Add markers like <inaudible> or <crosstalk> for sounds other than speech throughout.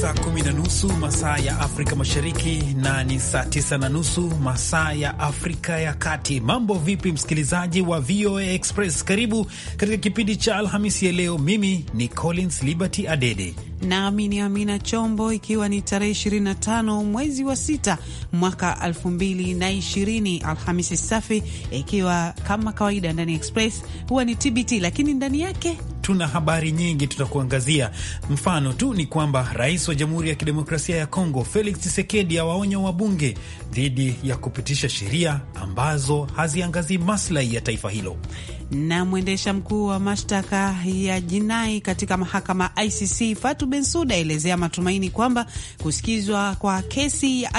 saa kumi na nusu masaa ya Afrika Mashariki na ni saa tisa na nusu masaa ya Afrika ya Kati. Mambo vipi, msikilizaji wa VOA Express? Karibu katika kipindi cha Alhamisi ya leo. Mimi ni Collins Liberty Adede nami ni Amina Chombo, ikiwa ni tarehe 25 mwezi wa sita mwaka 2020, Alhamisi safi, ikiwa kama kawaida ndani ya Express huwa ni TBT, lakini ndani yake tuna habari nyingi tutakuangazia. Mfano tu ni kwamba rais wa Jamhuri ya Kidemokrasia ya Kongo Felix Tshisekedi awaonya wabunge dhidi ya kupitisha sheria ambazo haziangazii maslahi ya taifa hilo na mwendesha mkuu wa mashtaka ya jinai katika mahakama ICC Fatu Bensuda aelezea matumaini kwamba kusikizwa kwa kesi ya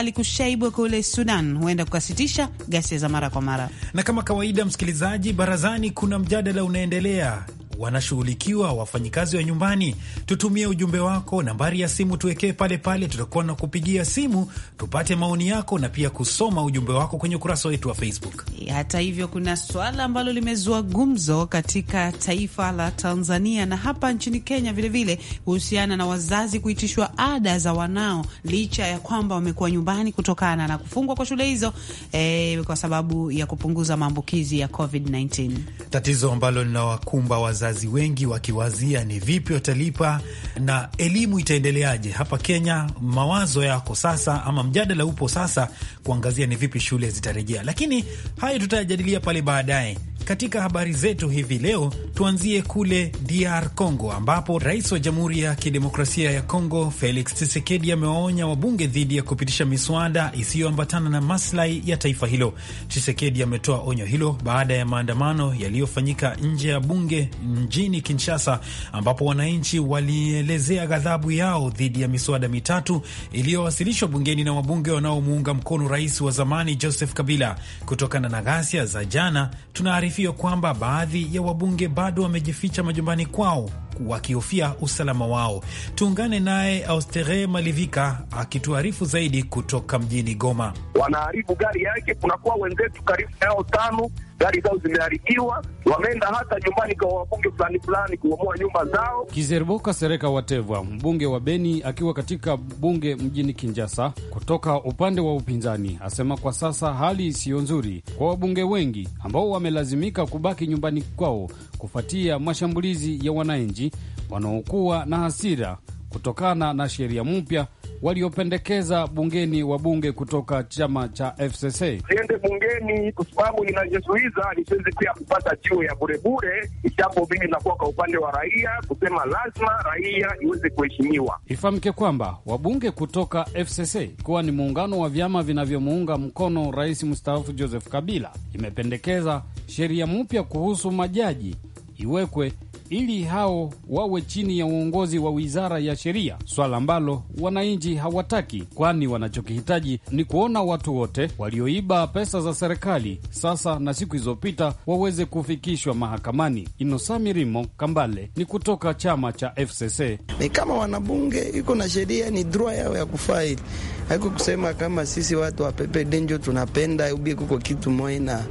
kule Sudan huenda kukasitisha ghasia za mara kwa mara. Na kama kawaida, msikilizaji, barazani kuna mjadala unaendelea wanashughulikiwa wafanyikazi wa nyumbani? Tutumie ujumbe wako, nambari ya simu tuwekee pale pale, tutakuwa na kupigia simu tupate maoni yako na pia kusoma ujumbe wako kwenye ukurasa wetu wa Facebook. Hata hivyo, kuna swala ambalo limezua gumzo katika taifa la Tanzania na hapa nchini Kenya vilevile, kuhusiana na wazazi kuitishwa ada za wanao licha ya kwamba wamekuwa nyumbani kutokana na kufungwa kwa shule hizo eh, kwa sababu ya kupunguza maambukizi ya COVID-19. Tatizo ambalo linawakumba wazazi wazazi wengi wakiwazia ni vipi watalipa na elimu itaendeleaje hapa Kenya. Mawazo yako sasa, ama mjadala upo sasa kuangazia ni vipi shule zitarejea, lakini hayo tutayajadilia pale baadaye. Katika habari zetu hivi leo, tuanzie kule DR Congo ambapo rais wa Jamhuri ya Kidemokrasia ya Congo Felix Tshisekedi amewaonya wabunge dhidi ya kupitisha miswada isiyoambatana na maslahi ya taifa hilo. Tshisekedi ametoa onyo hilo baada ya maandamano yaliyofanyika nje ya bunge mjini Kinshasa, ambapo wananchi walielezea ghadhabu yao dhidi ya miswada mitatu iliyowasilishwa bungeni na wabunge wanaomuunga mkono rais wa zamani Joseph Kabila. Kutokana na ghasia za jana tunaarifu hofio kwamba baadhi ya wabunge bado wamejificha majumbani kwao wakihofia usalama wao. Tuungane naye Austere Malivika akituarifu zaidi kutoka mjini Goma. Wanaharibu gari yake, kunakuwa wenzetu karibu yao tano gari zao zimeharibiwa, wameenda hata nyumbani kwa wabunge fulani fulani kuomoa nyumba zao. Kizeriboka Sereka Watevwa, mbunge wa Beni akiwa katika bunge mjini kinjasa kutoka upande wa upinzani, asema kwa sasa hali siyo nzuri kwa wabunge wengi ambao wamelazimika kubaki nyumbani kwao kufuatia mashambulizi ya wananchi wanaokuwa na hasira kutokana na sheria mpya waliopendekeza bungeni wa bunge kutoka chama cha FCC iende bungeni kwa sababu inajizuiza lisiwezi pia kupata juu ya burebure, ijapo vile inakuwa kwa upande wa raia kusema lazima raia iweze kuheshimiwa. Ifahamike kwamba wabunge kutoka FCC kuwa ni muungano wa vyama vinavyomuunga mkono rais mstaafu Joseph Kabila imependekeza sheria mpya kuhusu majaji iwekwe ili hao wawe chini ya uongozi wa wizara ya sheria, swala ambalo wananchi hawataki, kwani wanachokihitaji ni kuona watu wote walioiba pesa za serikali sasa na siku hizopita waweze kufikishwa mahakamani. Inosami Rimo Kambale ni kutoka chama cha FCC. Ni kama wanabunge iko na sheria, ni droit yao ya kufaili haiko kusema kama sisi watu wa pepe denjo tunapenda ubie kuko kitu moja na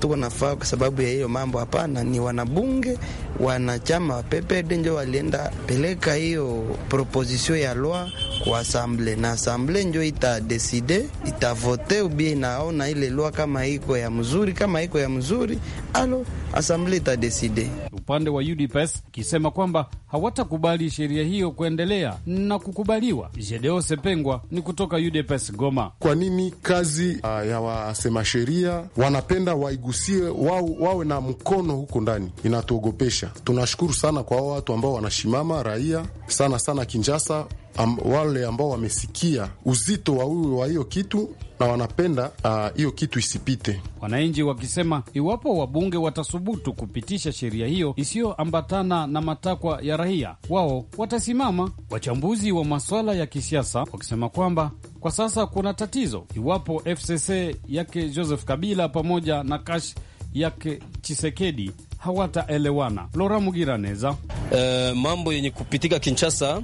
tuko nafaa kwa sababu ya hiyo mambo. Hapana, ni wanabunge wana wanachama PPRD njo walienda peleka hiyo proposition ya loi kwa asamble na asamble njo itadeside itavote ubie inaona ile loi kama iko ya mzuri, kama iko ya mzuri alo asamble itadeside upande wa UDPS ikisema kwamba hawatakubali sheria hiyo kuendelea na kukubaliwa. Jedeo Sepengwa ni kutoka UDPS Goma. Kwa nini kazi uh, ya wasema sheria wanapenda waigusie wao, wawe na mkono huko ndani? Inatuogopesha. Tunashukuru sana kwa hao watu ambao wanashimama raia sana sana Kinjasa, am, wale ambao wamesikia uzito wa hiyo kitu na wanapenda ah, hiyo uh, kitu isipite. Wananchi wakisema iwapo wabunge watasubutu kupitisha sheria hiyo isiyoambatana na matakwa ya raia, wao watasimama. Wachambuzi wa masuala ya kisiasa wakisema kwamba kwa sasa kuna tatizo iwapo FCC yake Joseph Kabila pamoja na Kash yake Chisekedi hawataelewana. Lora Mugiraneza. E, mambo yenye kupitika Kinshasa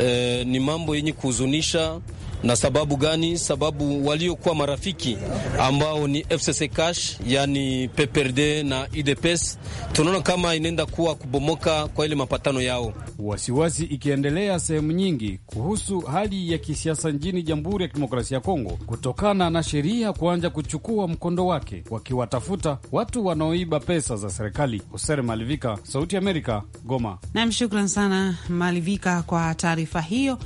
e, ni mambo yenye kuhuzunisha na sababu gani? Sababu waliokuwa marafiki ambao ni FCC Cash, yani PPRD na UDPS, tunaona kama inaenda kuwa kubomoka kwa ile mapatano yao. Wasiwasi ikiendelea sehemu nyingi kuhusu hali ya kisiasa nchini Jamhuri ya Kidemokrasia ya Kongo kutokana na sheria kuanza kuchukua mkondo wake, wakiwatafuta watu wanaoiba pesa za serikali. Hoser Malivika, Sauti ya Amerika, Goma. Nam, shukran sana Malivika kwa taarifa hiyo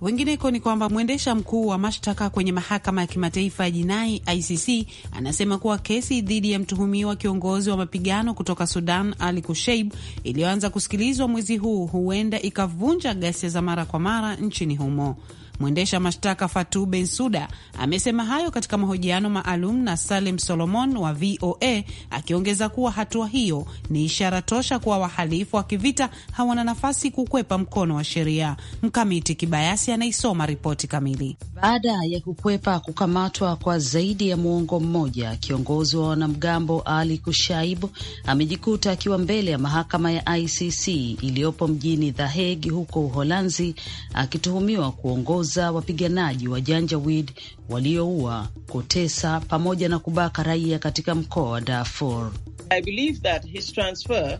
Wengineko ni kwamba mwendesha mkuu wa mashtaka kwenye mahakama ya kimataifa ya jinai ICC anasema kuwa kesi dhidi ya mtuhumiwa kiongozi wa mapigano kutoka Sudan Ali Kusheib iliyoanza kusikilizwa mwezi huu huenda ikavunja ghasia za mara kwa mara nchini humo. Mwendesha mashtaka fatu bensuda amesema hayo katika mahojiano maalum na Salim Solomon wa VOA, akiongeza kuwa hatua hiyo ni ishara tosha kuwa wahalifu wa kivita hawana nafasi kukwepa mkono wa sheria. Mkamiti Kibayasi anaisoma ripoti kamili. Baada ya kukwepa kukamatwa kwa zaidi ya muongo mmoja, kiongozi wa wanamgambo Ali Kushaib amejikuta akiwa mbele ya mahakama ya ICC iliyopo mjini The Hague huko Uholanzi, akituhumiwa kuongoza za wapiganaji wa Janjaweed walioua, kutesa pamoja na kubaka raia katika mkoa wa Darfur. I believe that his transfer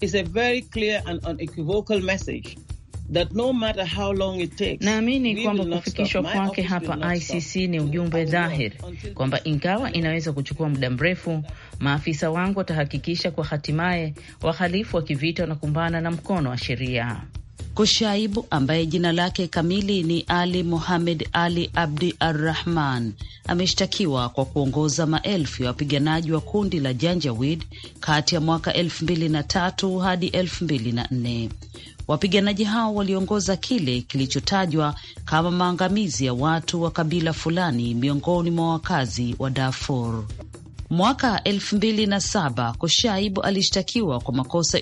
is a very clear and unequivocal message. No naamini kwamba kufikishwa kwake hapa ICC ni ujumbe dhahiri kwamba ingawa inaweza kuchukua muda mrefu, maafisa wangu watahakikisha kwa hatimaye wahalifu wa kivita wanakumbana na mkono wa sheria. Kushaibu ambaye jina lake kamili ni Ali muhamed Ali Abdi Arrahman ameshtakiwa kwa kuongoza maelfu ya wapiganaji wa kundi la Janjawid kati ya mwaka 23 hadi 24 Wapiganaji hao waliongoza kile kilichotajwa kama maangamizi ya watu wa kabila fulani miongoni mwa wakazi wa Darfur. Mwaka saba Koshaibu alishtakiwa kwa makosa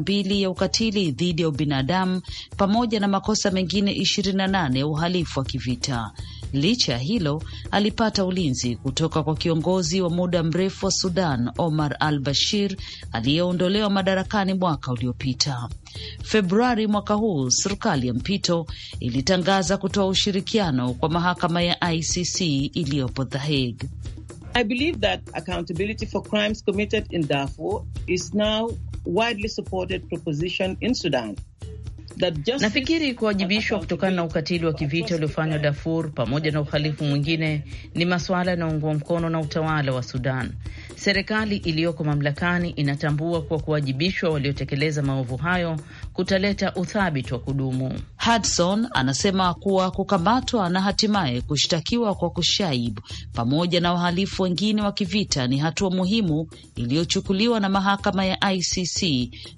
mbili ya ukatili dhidi ya ubinadamu pamoja na makosa mengine nane ya uhalifu wa kivita. Licha ya hilo, alipata ulinzi kutoka kwa kiongozi wa muda mrefu wa Sudan, Omar al Bashir, aliyeondolewa madarakani mwaka uliopita. Februari mwaka huu, serikali ya mpito ilitangaza kutoa ushirikiano kwa mahakama ya ICC iliyopo The Hague. I believe that accountability for crimes committed in Darfur is now widely supported proposition in Sudan. Nafikiri kuwajibishwa kutokana na ukatili wa kivita uliofanywa Darfur pamoja na uhalifu mwingine ni masuala yanayoungwa mkono na utawala wa Sudan. Serikali iliyoko mamlakani inatambua kuwa kuwajibishwa waliotekeleza maovu hayo kutaleta uthabiti wa kudumu. Hudson anasema kuwa kukamatwa na hatimaye kushtakiwa kwa kushaib pamoja na wahalifu wengine wa kivita ni hatua muhimu iliyochukuliwa na mahakama ya ICC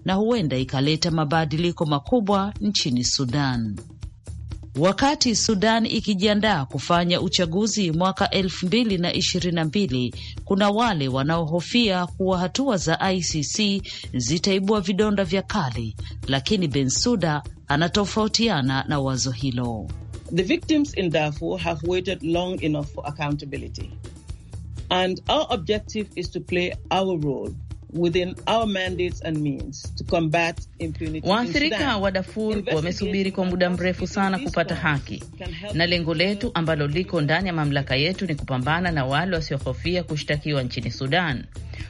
na huenda ikaleta mabadiliko makubwa nchini Sudan. Wakati Sudan ikijiandaa kufanya uchaguzi mwaka elfu mbili na ishirini na mbili, kuna wale wanaohofia kuwa hatua za ICC zitaibua vidonda vya kali, lakini Bensuda anatofautiana na wazo hilo. The victims in Darfur have waited long enough for accountability and our objective is to play our role Waathirika wa Darfur wamesubiri kwa muda mrefu sana kupata haki, na lengo letu ambalo liko ndani ya mamlaka yetu ni kupambana na wale wasiohofia kushtakiwa nchini Sudan,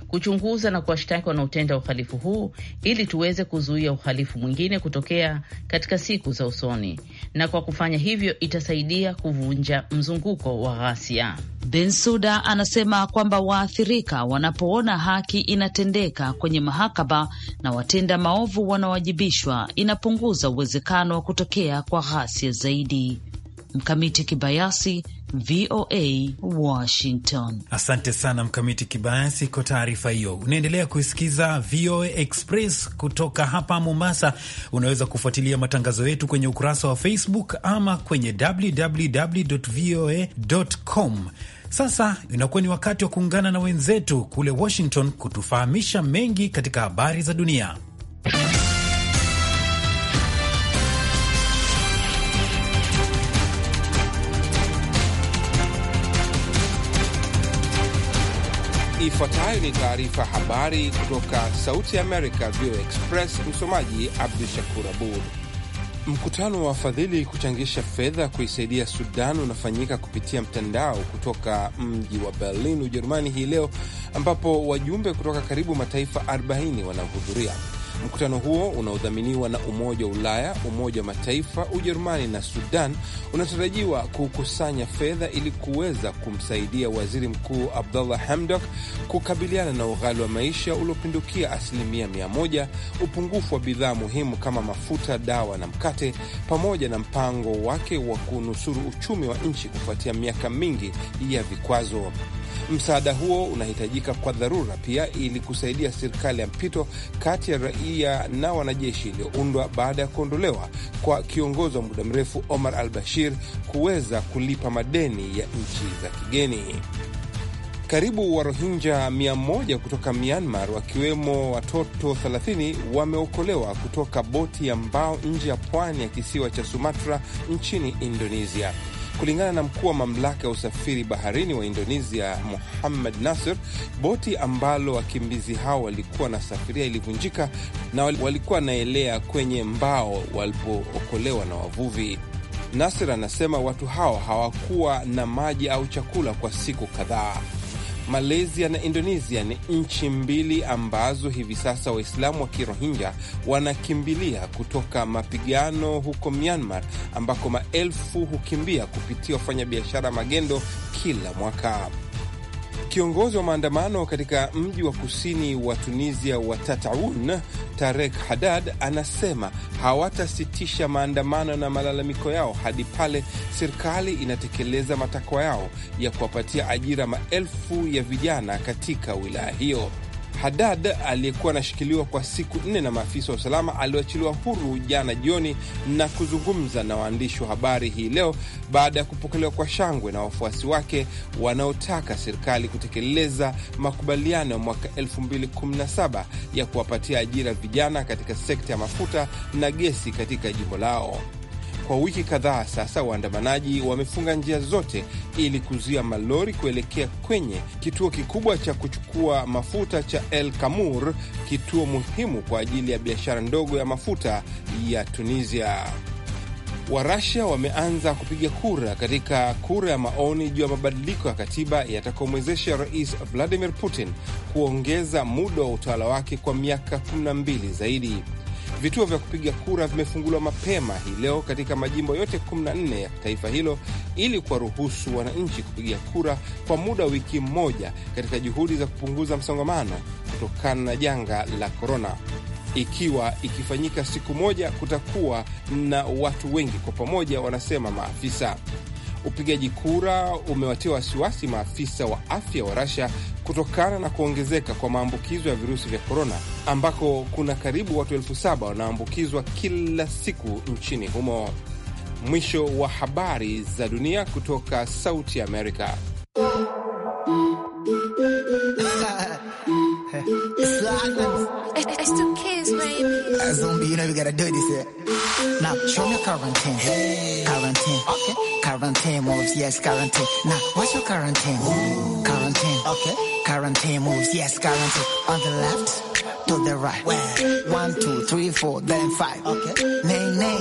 kuchunguza na kuwashtaki wanaotenda uhalifu huu ili tuweze kuzuia uhalifu mwingine kutokea katika siku za usoni na kwa kufanya hivyo itasaidia kuvunja mzunguko wa ghasia. Bensuda anasema kwamba waathirika wanapoona haki inatendeka kwenye mahakama na watenda maovu wanawajibishwa, inapunguza uwezekano wa kutokea kwa ghasia zaidi. Mkamiti Kibayasi, VOA Washington. Asante sana Mkamiti Kibayasi kwa taarifa hiyo. Unaendelea kuisikiza VOA Express kutoka hapa Mombasa. Unaweza kufuatilia matangazo yetu kwenye ukurasa wa Facebook ama kwenye www.voa.com. Sasa inakuwa ni wakati wa kuungana na wenzetu kule Washington kutufahamisha mengi katika habari za dunia. Ifuatayo ni taarifa habari kutoka Sauti Amerika, VOA Express. Msomaji Abdu Shakur Abud. Mkutano wa wafadhili kuchangisha fedha kuisaidia Sudan unafanyika kupitia mtandao kutoka mji wa Berlin, Ujerumani hii leo, ambapo wajumbe kutoka karibu mataifa 40 wanahudhuria. Mkutano huo unaodhaminiwa na Umoja wa Ulaya, Umoja wa Mataifa, Ujerumani na Sudan unatarajiwa kukusanya fedha ili kuweza kumsaidia Waziri Mkuu abdullah Hamdok kukabiliana na ughali wa maisha uliopindukia asilimia mia moja, upungufu wa bidhaa muhimu kama mafuta, dawa na mkate, pamoja na mpango wake wa kunusuru uchumi wa nchi kufuatia miaka mingi ya vikwazo. Msaada huo unahitajika kwa dharura pia ili kusaidia serikali ya mpito kati ya raia na wanajeshi iliyoundwa baada ya kuondolewa kwa kiongozi wa muda mrefu Omar al Bashir kuweza kulipa madeni ya nchi za kigeni. Karibu Warohinja 100 kutoka Myanmar, wakiwemo watoto 30 wameokolewa kutoka boti ya mbao nje ya pwani ya kisiwa cha Sumatra nchini Indonesia. Kulingana na mkuu wa mamlaka ya usafiri baharini wa Indonesia, Muhammad Nasir, boti ambalo wakimbizi hao walikuwa wanasafiria ilivunjika na walikuwa wanaelea kwenye mbao walipookolewa na wavuvi. Nasir anasema watu hao hawakuwa na maji au chakula kwa siku kadhaa. Malaysia na Indonesia ni nchi mbili ambazo hivi sasa Waislamu wa Kirohingya wanakimbilia kutoka mapigano huko Myanmar, ambako maelfu hukimbia kupitia wafanyabiashara magendo kila mwaka. Kiongozi wa maandamano katika mji wa kusini wa Tunisia wa Tataun, Tarek Haddad, anasema hawatasitisha maandamano na malalamiko yao hadi pale serikali inatekeleza matakwa yao ya kuwapatia ajira maelfu ya vijana katika wilaya hiyo hadad aliyekuwa anashikiliwa kwa siku nne na maafisa wa usalama aliyoachiliwa huru jana jioni na kuzungumza na waandishi wa habari hii leo baada ya kupokelewa kwa shangwe na wafuasi wake wanaotaka serikali kutekeleza makubaliano ya mwaka 2017 ya kuwapatia ajira vijana katika sekta ya mafuta na gesi katika jimbo lao. Kwa wiki kadhaa sasa, waandamanaji wamefunga njia zote ili kuzuia malori kuelekea kwenye kituo kikubwa cha kuchukua mafuta cha El Kamur, kituo muhimu kwa ajili ya biashara ndogo ya mafuta ya Tunisia. Warasia wameanza kupiga kura katika kura ya maoni juu ya mabadiliko ya katiba yatakaomwezesha Rais Vladimir Putin kuongeza muda wa utawala wake kwa miaka 12 zaidi. Vituo vya kupiga kura vimefunguliwa mapema hii leo katika majimbo yote 14 ya taifa hilo ili kuwaruhusu wananchi kupiga kura kwa muda wa wiki moja katika juhudi za kupunguza msongamano kutokana na janga la korona. Ikiwa ikifanyika siku moja, kutakuwa na watu wengi kwa pamoja, wanasema maafisa upigaji kura umewatia wasiwasi maafisa wa afya wa Rasia kutokana na kuongezeka kwa maambukizo ya virusi vya korona, ambako kuna karibu watu elfu saba wanaambukizwa kila siku nchini humo. Mwisho wa habari za dunia kutoka Sauti ya Amerika. Now show me quarantine. Hey. Quarantine. Okay. Quarantine moves. Yes, quarantine. Now what's your quarantine? Ooh. Quarantine. Okay. Quarantine moves. Yes, quarantine. On the left to the right. Where? One, two, three, four, then five. Okay. Nay, nay.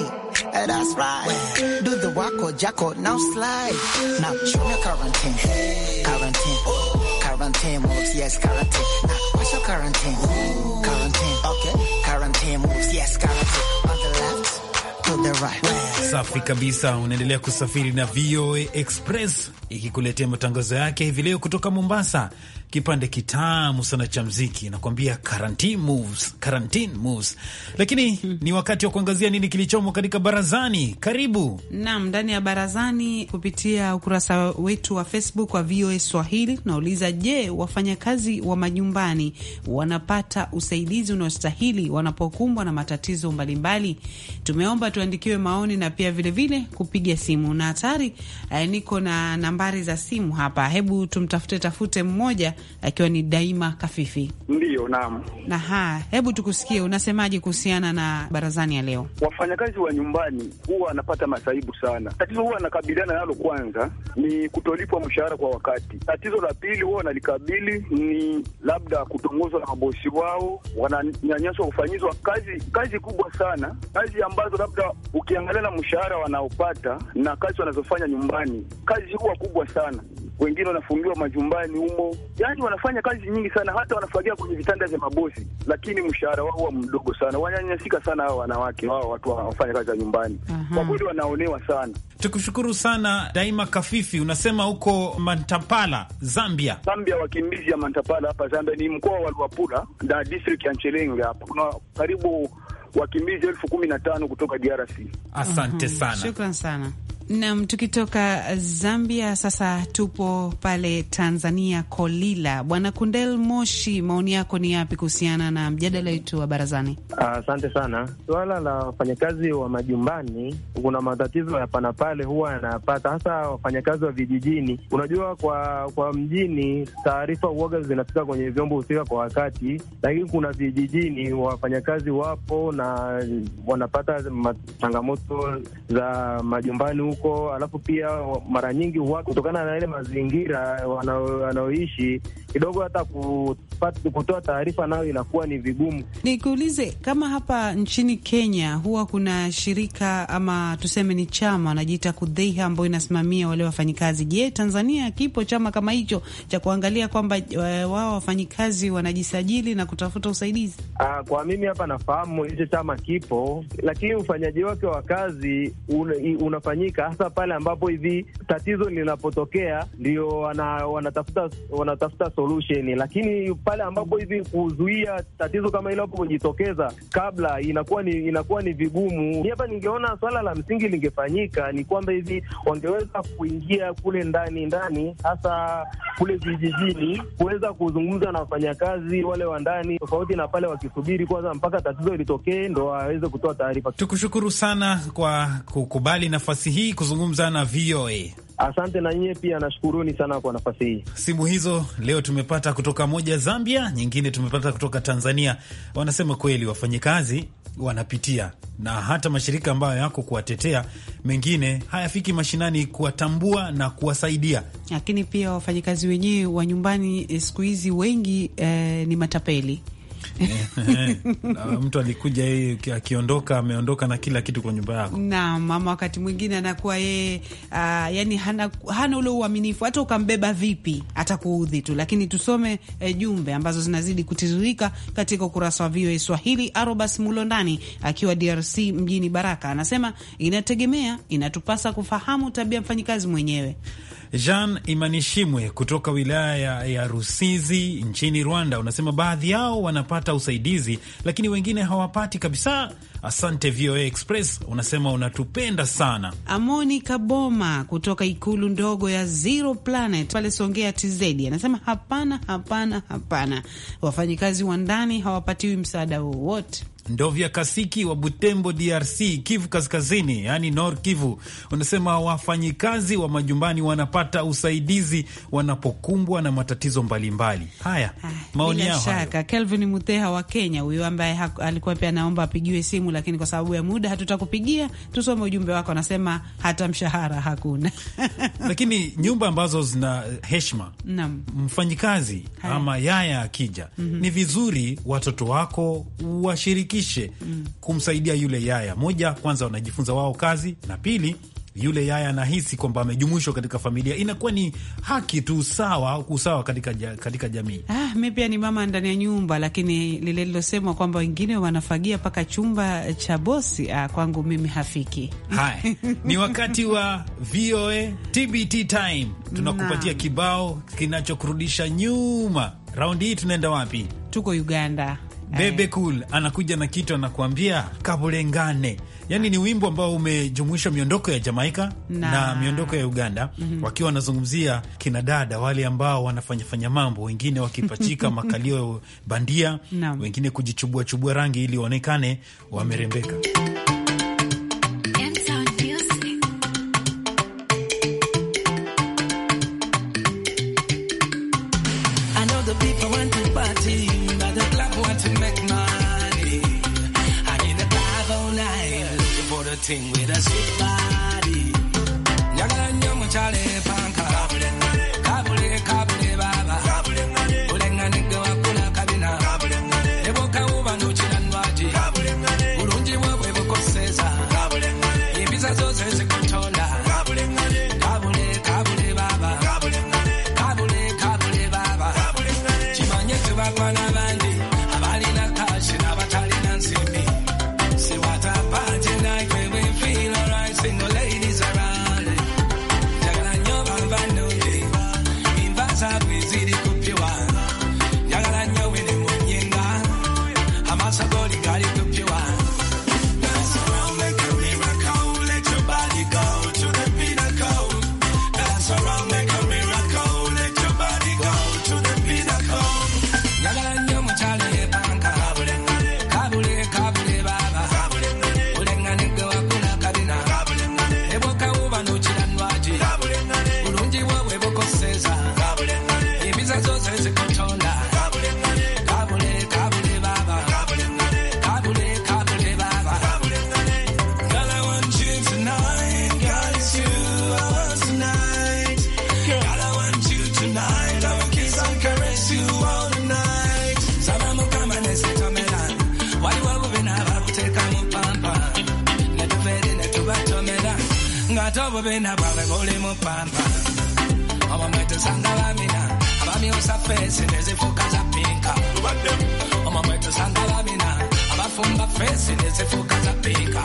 Hey, that's right. Where? Do the wacko jacko now slide. Now show me quarantine. Hey. Quarantine. Oh. Quarantine moves. Yes, quarantine. Now what's your quarantine? Ooh. Quarantine. Okay. Quarantine moves. Yes, quarantine. Safi kabisa, unaendelea kusafiri na VOA Express ikikuletea matangazo yake hivi leo kutoka Mombasa. Kipande kitamu sana cha mziki nakuambia quarantine moves, quarantine moves. Lakini ni wakati wa kuangazia nini kilichomo katika barazani. Karibu nam ndani ya barazani kupitia ukurasa wetu wa Facebook wa VOA Swahili. Tunauliza, je, wafanyakazi wa majumbani wanapata usaidizi unaostahili wanapokumbwa na matatizo mbalimbali? Tumeomba tu tuandikiwe maoni na pia vilevile kupiga simu, na hatari eh, niko na nambari za simu hapa. Hebu tumtafute tafute mmoja akiwa ni Daima Kafifi. Ndiyo, naam. Na ha, hebu tukusikie unasemaje kuhusiana na barazani ya leo. Wafanyakazi wa nyumbani huwa wanapata masaibu sana. Tatizo huwa anakabiliana nalo kwanza ni kutolipwa mshahara kwa wakati. Tatizo la pili huwa wanalikabili ni labda kutongozwa na mabosi wao, wananyanyaswa, kufanyizwa kazi kazi kubwa sana, kazi ambazo labda ukiangalia na mshahara wanaopata na kazi wanazofanya nyumbani, kazi huwa kubwa sana. Wengine wanafungiwa majumbani humo, yaani wanafanya kazi nyingi sana, hata wanafagia kwenye vitanda vya mabosi, lakini mshahara wao huwa mdogo sana. Wananyanyasika sana hao wanawake, wao watu wanaofanya kazi za nyumbani, kwa kweli wanaonewa sana. Tukushukuru sana Daima Kafifi. Unasema huko Mantapala, Zambia. Zambia, wakimbizi ya Mantapala hapa Zambia ni mkoa wa Luapula na district ya Nchelenga hapa kuna karibu wakimbizi elfu kumi na tano kutoka DRC. Asante mhm. sana, shukran sana. Nam, tukitoka Zambia sasa tupo pale Tanzania. Kolila Bwana Kundel Moshi, maoni yako ni yapi kuhusiana na mjadala wetu wa barazani? Asante uh, sana. Suala la wafanyakazi wa majumbani, kuna matatizo ya pana pale huwa yanapata, hasa wafanyakazi wa vijijini. Unajua, kwa kwa mjini taarifa uoga zinafika kwenye vyombo husika kwa wakati, lakini kuna vijijini wafanyakazi wapo na wanapata changamoto za majumbani huko, alafu pia mara nyingi huwa kutokana na ile mazingira wanaoishi kidogo hata ku kutoa taarifa nayo inakuwa ni vigumu. Nikuulize, kama hapa nchini Kenya huwa kuna shirika ama tuseme ni chama wanajiita KUDHEIHA ambayo inasimamia wale wafanyikazi. Je, Tanzania kipo chama kama hicho cha kuangalia kwamba eh, wao wafanyikazi wanajisajili na kutafuta usaidizi? Aa, ah, kwa mimi hapa nafahamu hicho chama kipo, lakini ufanyaji wake wa kazi un, unafanyika hasa pale ambapo hivi tatizo linapotokea ndio wanatafuta wana wanatafuta solution, lakini pale ambapo hivi kuzuia tatizo kama hilo hapo kujitokeza kabla inakuwa ni inakuwa ni vigumu. Hapa ningeona swala la msingi lingefanyika ni kwamba hivi wangeweza kuingia kule ndani ndani, hasa kule vijijini, kuweza kuzungumza na wafanyakazi wale wa ndani, tofauti na pale wakisubiri kwanza mpaka tatizo litokee ndo waweze kutoa taarifa. Tukushukuru sana kwa kukubali nafasi hii kuzungumza na VOA. Asante na nyie pia, nashukuruni sana kwa nafasi hii. Simu hizo leo tumepata kutoka moja Zambia, nyingine tumepata kutoka Tanzania. Wanasema kweli wafanyikazi wanapitia na hata mashirika ambayo yako kuwatetea, mengine hayafiki mashinani kuwatambua na kuwasaidia. Lakini pia wafanyikazi wenyewe wa nyumbani eh, siku hizi wengi eh, ni matapeli Eh, eh. <laughs> mtu alikuja yeye akiondoka, ameondoka na kila kitu kwa nyumba yako. Naam, ama wakati mwingine anakuwa yeye uh, yani hana, hana ule uaminifu, hata ukambeba vipi atakuudhi tu. Lakini tusome eh, jumbe ambazo zinazidi kutiririka katika ukurasa wa VOA Swahili. Arobas Mulondani akiwa DRC mjini Baraka anasema inategemea, inatupasa kufahamu tabia mfanyikazi mwenyewe Jean Imanishimwe kutoka wilaya ya Rusizi nchini Rwanda unasema baadhi yao wanapata usaidizi, lakini wengine hawapati kabisa. Asante VOA Express, unasema unatupenda sana. Amoni Kaboma kutoka ikulu ndogo ya Zero Planet pale Songea TZ anasema hapana, hapana, hapana, wafanyikazi wa ndani hawapatiwi msaada wowote. Ndovya Kasiki wa Butembo, DRC, Kivu Kaskazini, yaani Nor Kivu, unasema wafanyikazi wa majumbani wanapata usaidizi wanapokumbwa na matatizo mbalimbali mbali. Haya, ah, maoni yao shaka. Kelvin Muteha wa Kenya, huyo ambaye alikuwa pia anaomba apigiwe simu, lakini kwa sababu ya muda hatutakupigia. Tusome ujumbe wako, anasema hata mshahara hakuna <laughs> lakini nyumba ambazo zina heshima, mfanyikazi ama yaya akija, mm -hmm. ni vizuri watoto wako washiriki wazidishe mm. kumsaidia yule yaya. Moja, kwanza wanajifunza wao kazi, na pili yule yaya anahisi kwamba amejumuishwa katika familia, inakuwa ni haki tu sawa au usawa katika, katika jamii. Ah, mi pia ni mama ndani ya nyumba, lakini lile lilosemwa kwamba wengine wanafagia mpaka chumba cha bosi, ah, kwangu mimi hafiki. Haya, <laughs> ni wakati wa VOA TBT time, tunakupatia kibao kinachokurudisha nyuma. Raundi hii tunaenda wapi? Tuko Uganda. Bebe Cool anakuja na kitu anakuambia kabulengane. Yani ni wimbo ambao umejumuisha miondoko ya Jamaika na, na miondoko ya Uganda mm -hmm. wakiwa wanazungumzia kina dada wale ambao wanafanyafanya mambo, wengine wakipachika <laughs> makalio bandia no. wengine kujichubua chubua rangi ili waonekane wamerembeka. ting with a sick body. chale pa. bena babebole mupamba omwamwete sanga bamina abamyusa feesi nezifuuka za pinka omwamwete sanga bamina abafumba feesi nezifuuka za pinka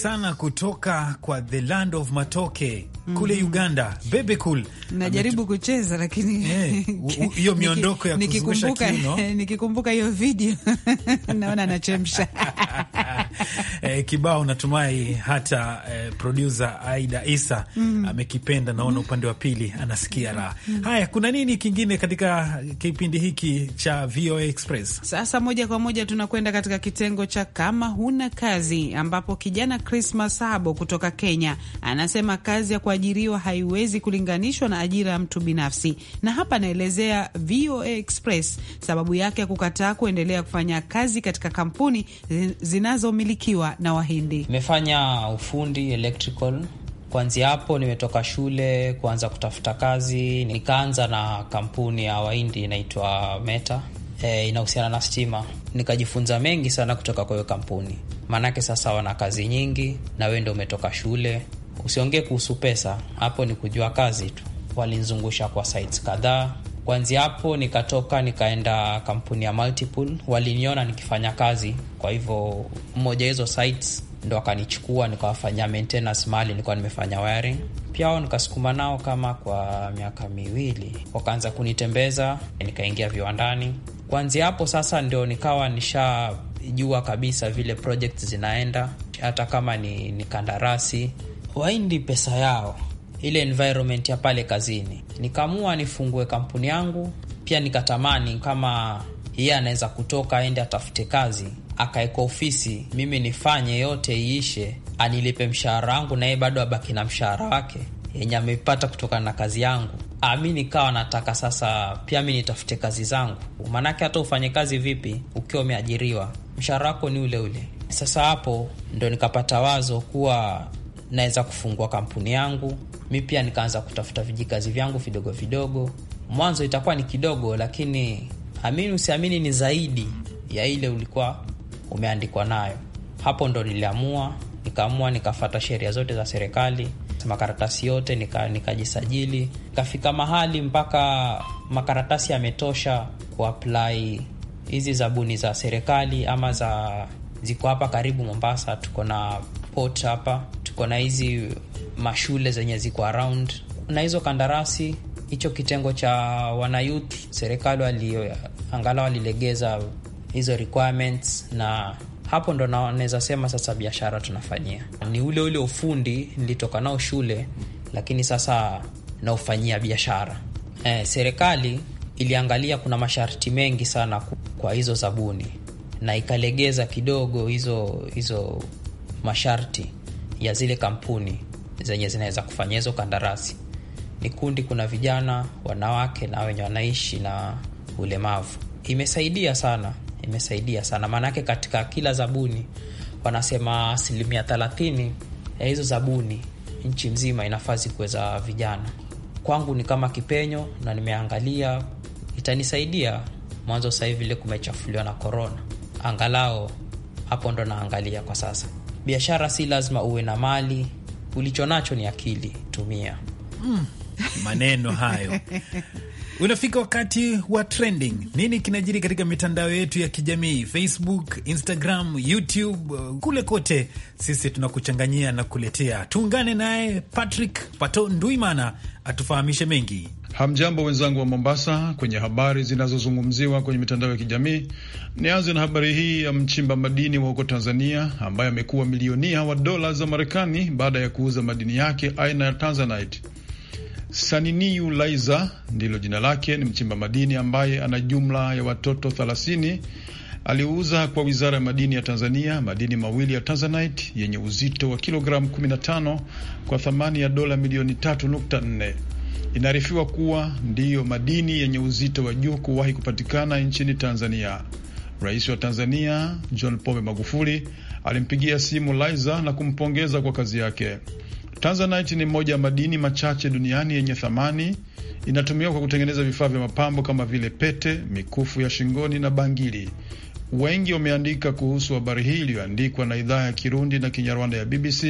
sana kutoka kwa the land of matoke mm kule mhm. Uganda, bebe cool. Najaribu kucheza lakini eh, <laughs> hiyo yeah, miondoko ya kuzungusha kiuno <laughs> nikikumbuka hiyo video <laughs> naona anachemsha eh, kibao natumai hata eh, produsa Aida Isa mm -hmm. amekipenda naona, mm -hmm. upande wa pili anasikia mm. raha mm -hmm. Haya, kuna nini kingine katika kipindi hiki cha VOA Express? Sasa moja kwa moja tunakwenda katika kitengo cha kama huna kazi, ambapo kijana Christmas Masabo kutoka Kenya anasema kazi ya kuajiriwa haiwezi kulinganishwa na ajira ya mtu binafsi, na hapa anaelezea VOA Express sababu yake ya kukataa kuendelea kufanya kazi katika kampuni zinazomilikiwa na Wahindi. Nimefanya ufundi electrical Kuanzia hapo nimetoka shule kuanza kutafuta kazi, nikaanza na kampuni ya Wahindi inaitwa Meta e, inahusiana na stima. Nikajifunza mengi sana kutoka kwa hiyo kampuni, maanake sasa wana kazi nyingi, na wewe ndo umetoka shule, usiongee kuhusu pesa hapo, ni kujua kazi tu. walinzungusha kwa sites kadhaa kwanzia hapo nikatoka nikaenda kampuni ya Multiple, waliniona nikifanya kazi, kwa hivyo mmoja hizo sites ndo akanichukua nikawafanyia maintenance mali nilikuwa nimefanya wiring pia. Wao nikasukuma nao kama kwa miaka miwili, wakaanza kunitembeza, nikaingia viwandani. kwanzia hapo sasa ndio nikawa nishajua kabisa vile project zinaenda, hata kama ni, ni kandarasi. Waindi pesa yao ile environment ya pale kazini. Nikaamua nifungue kampuni yangu. Pia nikatamani kama yeye anaweza kutoka aende atafute kazi akaeka ofisi, mimi nifanye yote iishe, anilipe mshahara wangu, na yeye bado abaki na mshahara wake yenye amepata kutokana na kazi yangu. Ah, mi nikawa nataka sasa pia mi nitafute kazi zangu, maanake hata ufanye kazi vipi ukiwa umeajiriwa, mshahara wako ni ule ule. Sasa hapo ndo nikapata wazo kuwa naweza kufungua kampuni yangu mi pia nikaanza kutafuta vijikazi vyangu vidogo vidogo. Mwanzo itakuwa ni kidogo, lakini amini usiamini, ni zaidi ya ile ulikuwa umeandikwa nayo. Hapo ndo niliamua, nikaamua nikafata sheria zote za serikali, makaratasi yote nikajisajili, nika kafika mahali mpaka makaratasi yametosha kuapply hizi zabuni za serikali ama za ziko hapa karibu Mombasa, tuko na pot hapa na hizi mashule zenye ziko around na hizo kandarasi. Hicho kitengo cha wanayouth, serikali wali walilegeza hizo requirements, na hapo ndo naweza sema sasa biashara tunafanyia ni ule ule ufundi nao shule, lakini sasa naufanyia biashara. Eh, serikali iliangalia kuna masharti mengi sana kwa hizo zabuni na ikalegeza kidogo hizo hizo masharti ya zile kampuni zenye zinaweza kufanya hizo kandarasi. Ni kundi, kuna vijana, wanawake na wenye wanaishi na ulemavu. Imesaidia sana, imesaidia sana maanake, katika kila zabuni wanasema asilimia thelathini ya hizo zabuni nchi mzima inafazi kuweza vijana. Kwangu ni kama kipenyo, na nimeangalia itanisaidia mwanzo. Sahivi vile kumechafuliwa na korona, angalau hapo ndo naangalia kwa sasa biashara si lazima uwe na mali, ulicho nacho ni akili, tumia. Mm, maneno hayo Unafika wakati wa trending. Nini kinajiri katika mitandao yetu ya kijamii, Facebook, Instagram, YouTube, uh, kule kote sisi tunakuchanganyia na kuletea. Tuungane naye Patrick Pato Nduimana atufahamishe mengi. Hamjambo wenzangu wa Mombasa, kwenye habari zinazozungumziwa kwenye mitandao ya kijamii. Nianze na habari hii ya mchimba madini wa huko Tanzania ambaye amekuwa milionia wa dola za Marekani baada ya kuuza madini yake aina ya tanzanite. Saniniu Laiza ndilo jina lake, ni mchimba madini ambaye ana jumla ya watoto 30. Aliuza kwa Wizara ya Madini ya Tanzania madini mawili ya tanzanite yenye uzito wa kilogramu 15 kwa thamani ya dola milioni 3.4. Inaarifiwa kuwa ndiyo madini yenye uzito wa juu kuwahi kupatikana nchini Tanzania. Rais wa Tanzania John Pombe Magufuli alimpigia simu liza na kumpongeza kwa kazi yake. Tanzanite ni moja ya madini machache duniani yenye thamani. Inatumiwa kwa kutengeneza vifaa vya mapambo kama vile pete, mikufu ya shingoni na bangili. Wengi wameandika kuhusu habari hii iliyoandikwa na idhaa ya Kirundi na Kinyarwanda ya BBC.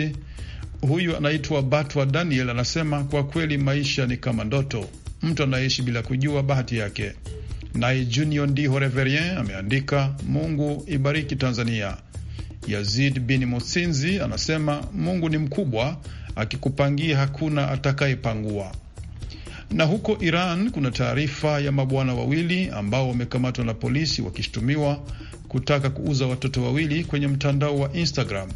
Huyu anaitwa Batwa Daniel, anasema kwa kweli maisha ni kama ndoto, mtu anaishi bila kujua bahati yake. Naye Junior Ndiho Reverien ameandika Mungu ibariki Tanzania. Yazid bin Musinzi anasema Mungu ni mkubwa, akikupangia hakuna atakayepangua. Na huko Iran kuna taarifa ya mabwana wawili ambao wamekamatwa na polisi wakishutumiwa kutaka kuuza watoto wawili kwenye mtandao wa Instagram.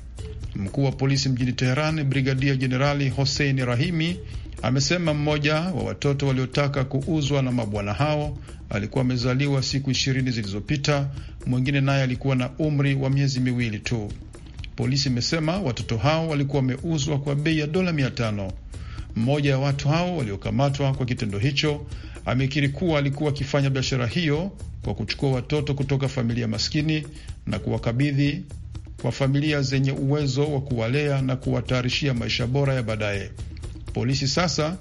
Mkuu wa polisi mjini Teheran, Brigadia Jenerali Hossein Rahimi amesema mmoja wa watoto waliotaka kuuzwa na mabwana hao alikuwa amezaliwa siku ishirini zilizopita, mwingine naye alikuwa na umri wa miezi miwili tu. Polisi imesema watoto hao walikuwa wameuzwa kwa bei ya dola mia tano. Mmoja ya watu hao waliokamatwa kwa kitendo hicho amekiri kuwa alikuwa akifanya biashara hiyo kwa kuchukua watoto kutoka familia maskini na kuwakabidhi kwa familia zenye uwezo wa kuwalea na kuwatayarishia maisha bora ya baadaye. Polisi sasa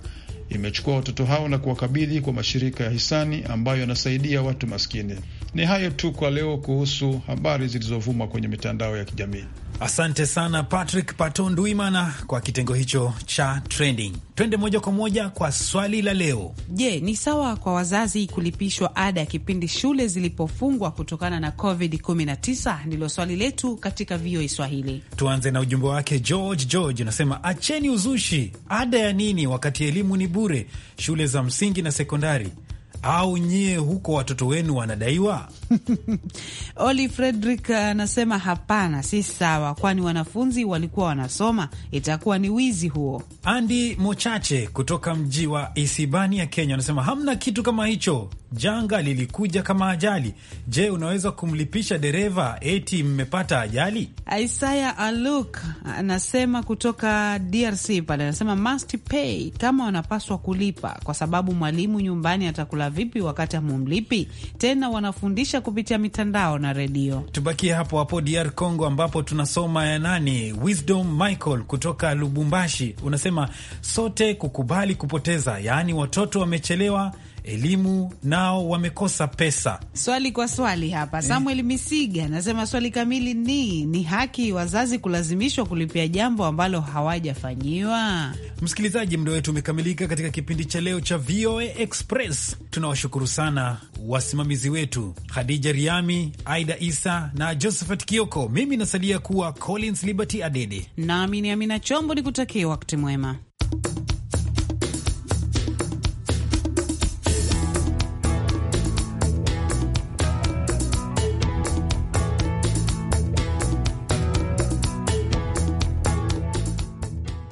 imechukua watoto hao na kuwakabidhi kwa mashirika ya hisani ambayo yanasaidia watu maskini. Ni hayo tu kwa leo kuhusu habari zilizovuma kwenye mitandao ya kijamii. Asante sana Patrick pato nduimana kwa kitengo hicho cha trending. Twende moja kwa moja kwa swali la leo. Je, ni sawa kwa wazazi kulipishwa ada ya kipindi shule zilipofungwa kutokana na COVID-19? Ndilo swali letu katika VOA Swahili. Tuanze na ujumbe wake George. George unasema acheni uzushi, ada ya nini wakati elimu ni bure? Shule za msingi na sekondari au nyie huko watoto wenu wanadaiwa? <laughs> Oli Frederick anasema hapana, si sawa, kwani wanafunzi walikuwa wanasoma, itakuwa ni wizi huo. Andi Mochache kutoka mji wa Isibani ya Kenya anasema hamna kitu kama hicho, janga lilikuja kama ajali. Je, unaweza kumlipisha dereva eti mmepata ajali? Isaya Aluk anasema kutoka DRC pale, anasema must pay, kama wanapaswa kulipa, kwa sababu mwalimu nyumbani atakula vipi wakati hamumlipi? Tena wanafundisha kupitia mitandao na redio. Tubakie hapo hapo DR Congo, ambapo tunasoma ya nani, Wisdom Michael kutoka Lubumbashi unasema sote kukubali kupoteza, yaani watoto wamechelewa elimu nao wamekosa pesa. Swali kwa swali hapa eh. Samuel Misiga anasema swali kamili ni ni haki wazazi kulazimishwa kulipia jambo ambalo hawajafanyiwa. Msikilizaji, muda wetu umekamilika katika kipindi cha leo cha VOA Express. Tunawashukuru sana wasimamizi wetu hadija Riami, Aida Isa na Josephat Kioko. Mimi nasalia kuwa Collins Liberty Adede nami ni Amina Chombo, ni kutakia wakati mwema.